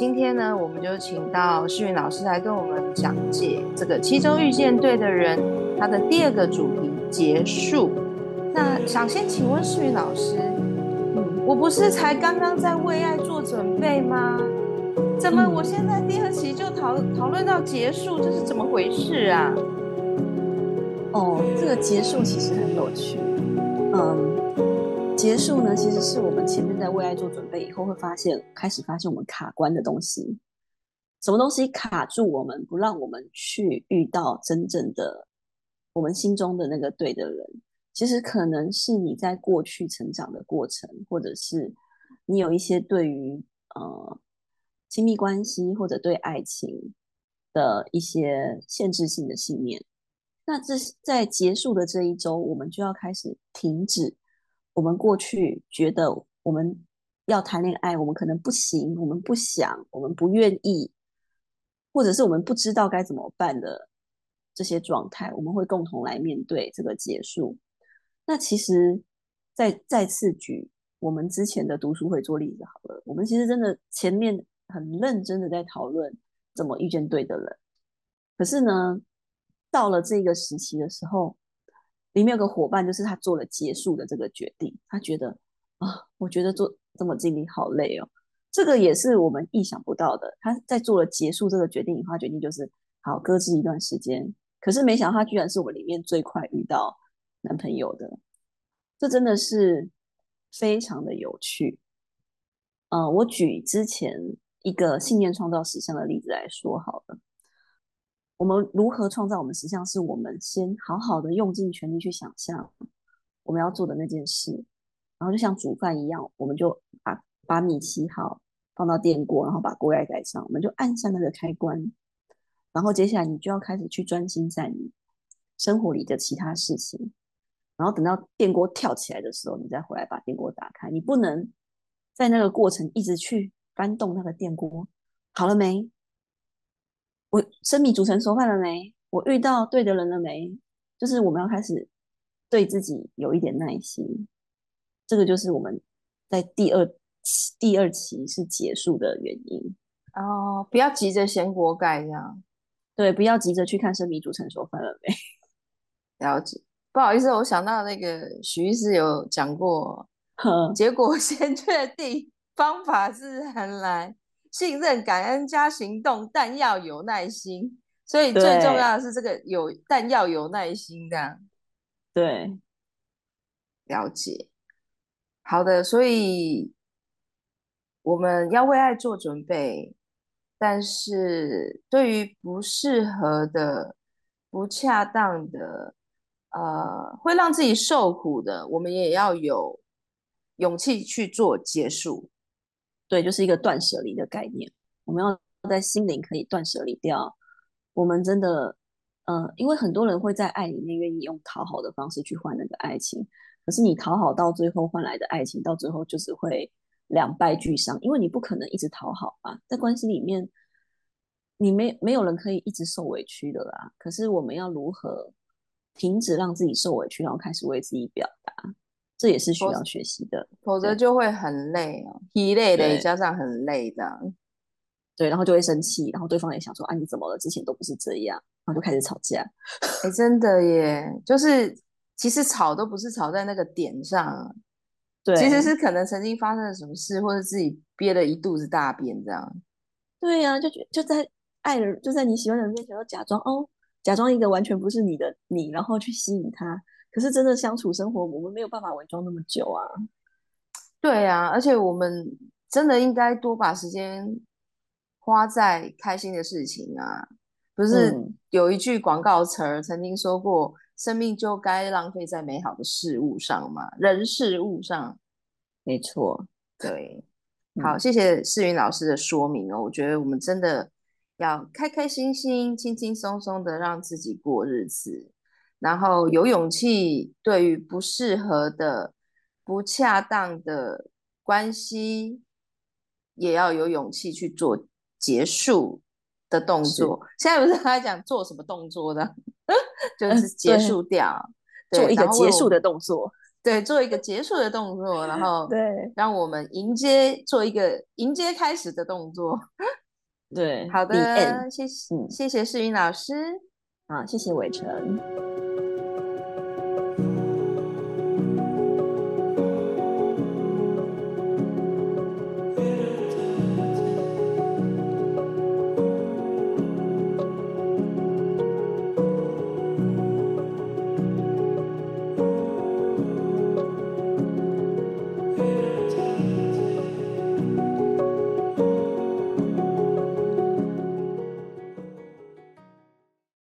今天呢，我們就請到世芸老師來跟我們講解這個《七週遇見對的人》他的第二個主題——結束。那想先請問世芸老師，我不是才剛剛在為愛做準備嗎？怎麼我現在第二期就討討論到結束？這是怎麼回事啊？嗯、哦，這個結束其實很有趣，嗯。結束呢，其實是我們前面在為愛做準備以後，會發現開始發現我們卡關的東西，什麼東西卡住我們，不讓我們去遇到真正的我們心中的那個對的人。其實可能是你在過去成長的過程，或者是你有一些對於呃親密關係或者對愛情的一些限制性的信念。那這在結束的這一週，我們就要開始停止。我們過去覺得我們要談戀愛，我們可能不行，我們不想，我們不願意，或者是我們不知道該怎麼辦的這些狀態，我們會共同來面對這個結束。那其實再再次舉我們之前的讀書會做例子好了，我們其實真的前面很認真的在討論怎麼遇見對的人，可是呢，到了這個時期的時候。裡面有個夥伴，就是他做了結束的這個決定，他覺得啊，我覺得做這麼經歷好累哦，這個也是我們意想不到的。他在做了結束這個決定以後，他決定就是好擱置一段時間。可是沒想到他居然是我裡面最快遇到男朋友的，這真的是非常的有趣。呃，我舉之前一個信念創造實相的例子來說好了。我們如何創造？我們實際上是，我們先好好的用盡全力去想象我們要做的那件事，然後就像煮飯一樣，我們就把把米洗好，放到電鍋，然後把鍋蓋蓋上，我們就按下那個開關，然後接下來你就要開始去專心在你生活裡的其他事情，然後等到電鍋跳起來的時候，你再回來把電鍋打開。你不能在那個過程一直去翻動那個電鍋，好了沒？我生米煮成熟飯了沒？我遇到對的人了沒？就是我們要開始對自己有一點耐心，這個就是我們在第二期，第二期是結束的原因哦。不要急着掀鍋蓋這樣，對，不要急着去看生米煮成熟飯了沒。不要急，不好意思，我想到那個許醫師有講過，呵結果先確定方法自然來。信任、感恩加行動，但要有耐心。所以最重要的是這個有，對但要有耐心啊。這樣，對，了解。好的，所以我們要為愛做準備，但是對於不適合的、不恰當的，呃，會讓自己受苦的，我們也要有勇氣去做結束。對，就是一個斷捨離的概念。我們要在心靈可以斷捨離掉。我們真的，嗯、呃，因為很多人會在愛裡面願意用討好的方式去換那個愛情，可是你討好到最後換來的愛情，到最後就只會兩敗俱傷，因為你不可能一直討好吧。在關係裡面，你沒沒有人可以一直受委屈的啦。可是我們要如何停止讓自己受委屈，然後開始為自己表達？這也是需要學習的，否則，對否則就會很累哦，啊，疲累的加上很累這樣，對，對，然後就會生氣，然後對方也想說，啊，你怎麼了？之前都不是這樣，然後就開始吵架。哎、 欸，真的耶，就是其實吵都不是吵在那個點上，對，其實是可能曾經發生了什麼事，或者自己憋了一肚子大便這樣。對呀，啊，就就在愛人，就在你喜歡的人面前要假裝哦，假裝一個完全不是你的你，然後去吸引他。可是真的相處生活，我們沒有辦法偽裝那麼久啊。對啊，而且我們真的應該多把時間花在開心的事情啊。不是有一句廣告詞曾經說過：“嗯、生命就該浪費在美好的事物上嘛？人事物上，沒錯，對。嗯、好，謝謝世芸老師的說明哦。我覺得我們真的要開開心心、輕輕鬆鬆的讓自己過日子。”然後有勇氣，對於不適合的、不恰當的關係，也要有勇氣去做結束的動作。是現在不是他在講做什麼動作的。 就是結束掉，對對做一個結束的動作對。對，做一個結束的動作，然後對，讓我們迎接，做一個迎接開始的動作。 對，好的，The end. 謝謝，嗯、謝謝世芸老師，好，謝謝偉成。